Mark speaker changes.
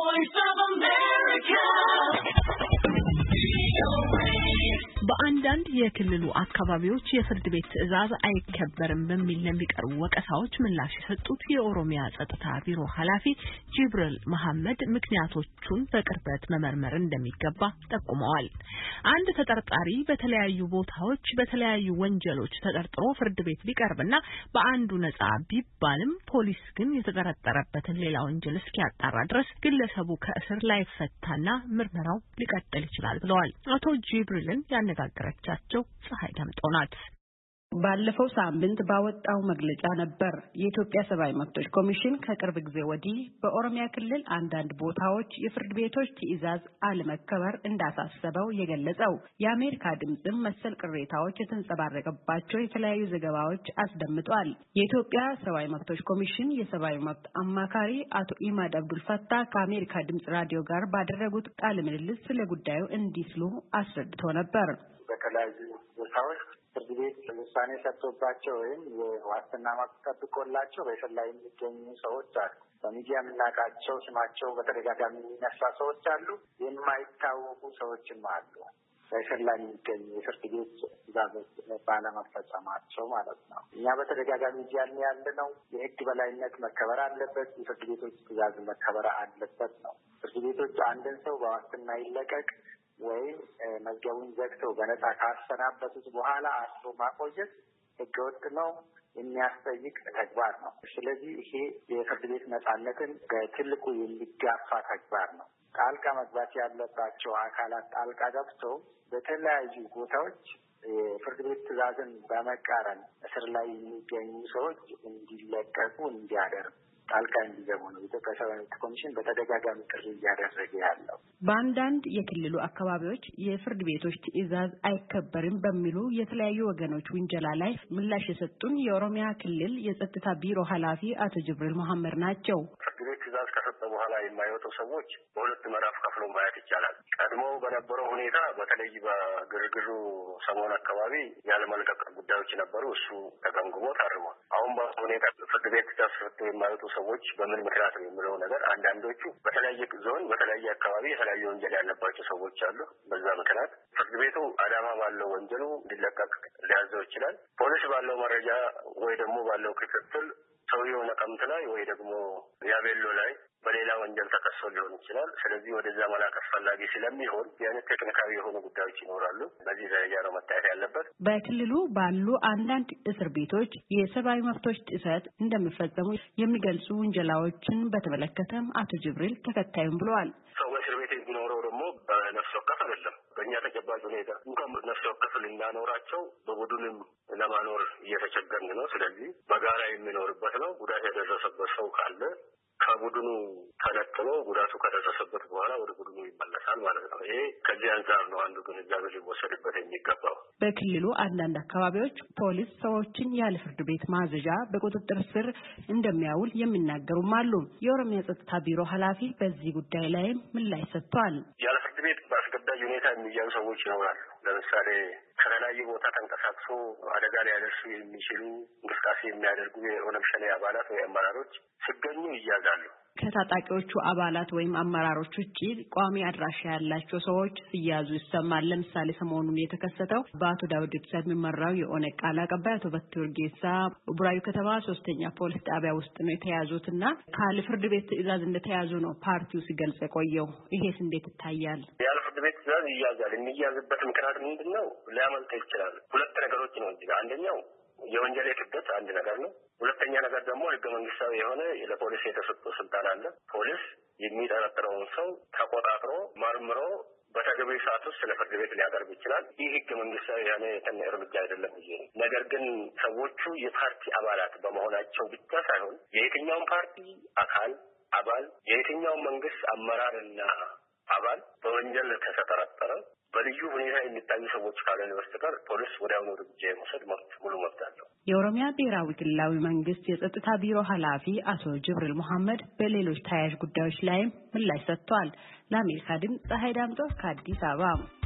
Speaker 1: Holy
Speaker 2: የክልሉ አካባቢዎች የፍርድ ቤት ትዕዛዝ አይከበርም በሚል ለሚቀርቡ ወቀሳዎች ምላሽ የሰጡት የኦሮሚያ ጸጥታ ቢሮ ኃላፊ ጅብርል መሐመድ ምክንያቶቹን በቅርበት መመርመር እንደሚገባ ጠቁመዋል። አንድ ተጠርጣሪ በተለያዩ ቦታዎች በተለያዩ ወንጀሎች ተጠርጥሮ ፍርድ ቤት ቢቀርብና በአንዱ ነጻ ቢባልም ፖሊስ ግን የተጠረጠረበትን ሌላ ወንጀል እስኪያጣራ ድረስ ግለሰቡ ከእስር ላይፈታና ምርመራው ሊቀጥል ይችላል ብለዋል። አቶ ጅብሪልን ያነጋገረቻቸው ዘጋቢያቸው ፀሐይ ዳምጠው ናት። ባለፈው ሳምንት ባወጣው መግለጫ ነበር የኢትዮጵያ ሰብአዊ መብቶች ኮሚሽን ከቅርብ ጊዜ ወዲህ በኦሮሚያ ክልል አንዳንድ ቦታዎች የፍርድ ቤቶች ትዕዛዝ አለመከበር እንዳሳሰበው የገለጸው። የአሜሪካ ድምፅም መሰል ቅሬታዎች የተንጸባረቀባቸው የተለያዩ ዘገባዎች አስደምጧል። የኢትዮጵያ ሰብአዊ መብቶች ኮሚሽን የሰብአዊ መብት አማካሪ አቶ ኢማድ አብዱልፈታ ከአሜሪካ ድምፅ ራዲዮ ጋር ባደረጉት ቃለ ምልልስ ስለ ጉዳዩ እንዲህ ሲሉ አስረድቶ ነበር።
Speaker 1: የተለያዩ ቦታዎች ፍርድ ቤት ውሳኔ ሰጥቶባቸው ወይም የዋስትና መብት ጠብቆላቸው በእስር ላይ የሚገኙ ሰዎች አሉ። በሚዲያ የምናውቃቸው ስማቸው በተደጋጋሚ የሚነሳ ሰዎች አሉ። የማይታወቁ ሰዎችም አሉ። በእስር ላይ የሚገኙ የፍርድ ቤት ትዕዛዞች ባለመፈጸማቸው ማለት ነው። እኛ በተደጋጋሚ እያልን ያለ ነው የህግ በላይነት መከበር አለበት፣ የፍርድ ቤቶች ትዕዛዝ መከበር አለበት ነው። ፍርድ ቤቶች አንድን ሰው በዋስትና ይለቀቅ ወይም መዝገቡን ዘግተው በነጻ ካሰናበቱት በኋላ አስሮ ማቆየት ህገወጥ ነው፣ የሚያስጠይቅ ተግባር ነው። ስለዚህ ይሄ የፍርድ ቤት ነጻነትን በትልቁ የሚጋፋ ተግባር ነው። ጣልቃ መግባት ያለባቸው አካላት ጣልቃ ገብቶ በተለያዩ ቦታዎች የፍርድ ቤት ትዕዛዝን በመቃረን እስር ላይ የሚገኙ ሰዎች እንዲለቀቁ እንዲያደርግ ጣልቃ እንዲገቡ ነው የኢትዮጵያ ሰብአዊ መብት ኮሚሽን በተደጋጋሚ ጥሪ እያደረገ ያለው።
Speaker 2: በአንዳንድ የክልሉ አካባቢዎች የፍርድ ቤቶች ትዕዛዝ አይከበርም በሚሉ የተለያዩ ወገኖች ውንጀላ ላይ ምላሽ የሰጡን የኦሮሚያ ክልል የጸጥታ ቢሮ ኃላፊ አቶ ጅብሪል መሐመድ ናቸው።
Speaker 3: በኋላ የማይወጡ ሰዎች በሁለት ምዕራፍ ከፍሎ ማየት ይቻላል። ቀድሞ በነበረው ሁኔታ በተለይ በግርግሩ ሰሞን አካባቢ ያለመልቀቅ ጉዳዮች ነበሩ። እሱ ተገምግሞ ታርሟል። አሁን በሁኔታ ፍርድ ቤት ተስፍቶ የማይወጡ ሰዎች በምን ምክንያት ነው የሚለው ነገር አንዳንዶቹ በተለያየ ዞን በተለያየ አካባቢ የተለያየ ወንጀል ያለባቸው ሰዎች አሉ። በዛ ምክንያት ፍርድ ቤቱ አዳማ ባለው ወንጀሉ እንዲለቀቅ ሊያዘው ይችላል። ፖሊስ ባለው መረጃ ወይ ደግሞ ባለው ክትትል ሰውየው ነቀምት ላይ ወይ ደግሞ ያቤሎ ላይ በሌላ ወንጀል ተከሶ ሊሆን ይችላል። ስለዚህ ወደዛ መላክ አስፈላጊ ስለሚሆን የአይነት ቴክኒካዊ የሆኑ ጉዳዮች ይኖራሉ። በዚህ ደረጃ ነው መታየት ያለበት።
Speaker 2: በክልሉ ባሉ አንዳንድ እስር ቤቶች የሰብአዊ መብቶች ጥሰት እንደሚፈጸሙ የሚገልጹ ውንጀላዎችን በተመለከተም አቶ ጅብሪል ተከታዩም ብለዋል። ሰው እስር ቤት ቢኖረው ደግሞ በነፍስ ወከፍ አይደለም። በእኛ ተጨባጭ ሁኔታ እንኳን ነፍስ ወከፍ ልናኖራቸው በቡድንም
Speaker 3: ለማኖር እየተቸገርን ነው። ስለዚህ በጋራ የሚኖርበት ነው። ጉዳት የደረሰበት ሰው ካለ ከቡድኑ ተነጥሎ ጉዳቱ ከደረሰበት በኋላ ወደ ቡድኑ ይመለሳል ማለት ነው። ይሄ ከዚህ አንጻር ነው አንዱ ግንዛቤ ሊወሰድበት የሚገባው።
Speaker 2: በክልሉ አንዳንድ አካባቢዎች ፖሊስ ሰዎችን ያለ ፍርድ ቤት ማዘዣ በቁጥጥር ስር እንደሚያውል የሚናገሩም አሉ። የኦሮሚያ ጸጥታ ቢሮ ኃላፊ በዚህ ጉዳይ ላይም ምላሽ ሰጥቷል።
Speaker 3: ያለ ፍርድ ቤት በአስገዳጅ ሁኔታ የሚያዙ ሰዎች ይኖራሉ። ለምሳሌ ከተለያዩ ቦታ ተንቀሳቅሶ አደጋ ሊያደርሱ የሚችሉ እንቅስቃሴ የሚያደርጉ የኦነግ ሸኔ አባላት ወይ አመራሮች ሲገኙ ይያዛሉ።
Speaker 2: ከታጣቂዎቹ አባላት ወይም አመራሮች ውጭ ቋሚ አድራሻ ያላቸው ሰዎች ሲያዙ ይሰማል። ለምሳሌ ሰሞኑን የተከሰተው በአቶ ዳውድ ኢብሳ የሚመራው የኦነግ ቃል አቀባይ አቶ በትር ጌሳ ቡራዩ ከተማ ሶስተኛ ፖሊስ ጣቢያ ውስጥ ነው የተያዙት እና ካለ ፍርድ ቤት ትዕዛዝ እንደተያዙ ነው ፓርቲው ሲገልጽ የቆየው። ይሄስ እንዴት ይታያል?
Speaker 3: ያለ ፍርድ ቤት ትዕዛዝ ይያዛል። የሚያዝበት ምክንያት ምንድን ነው ሊያመልጠ ይችላል። ሁለት ነገሮች ነው እዚህ አንደኛው የወንጀል ክብደት አንድ ነገር ነው። ሁለተኛ ነገር ደግሞ ህገ መንግስታዊ የሆነ ለፖሊስ የተሰጡ ስልጣን አለ። ፖሊስ የሚጠረጥረውን ሰው ተቆጣጥሮ መርምሮ በተገቢ ሰዓት ውስጥ ለፍርድ ቤት ሊያቀርብ ይችላል። ይህ ህገ መንግስታዊ የሆነ የተና እርምጃ አይደለም ብዬ ነገር ግን ሰዎቹ የፓርቲ አባላት በመሆናቸው ብቻ ሳይሆን የየትኛውን ፓርቲ አካል አባል የየትኛውን መንግስት አመራርና አባል በወንጀል ተሰጠራ የሚታዩ ሰዎች ካልሆነ በስተቀር ፖሊስ ወዲያውኑ እርምጃ የመውሰድ መብት ሙሉ መብት አለው።
Speaker 2: የኦሮሚያ ብሔራዊ ክልላዊ መንግስት የጸጥታ ቢሮ ኃላፊ አቶ ጅብሪል መሐመድ በሌሎች ተያያዥ ጉዳዮች ላይም ምላሽ ሰጥቷል። ለአሜሪካ ድምፅ ፀሐይ ዳምጦ ከአዲስ አበባ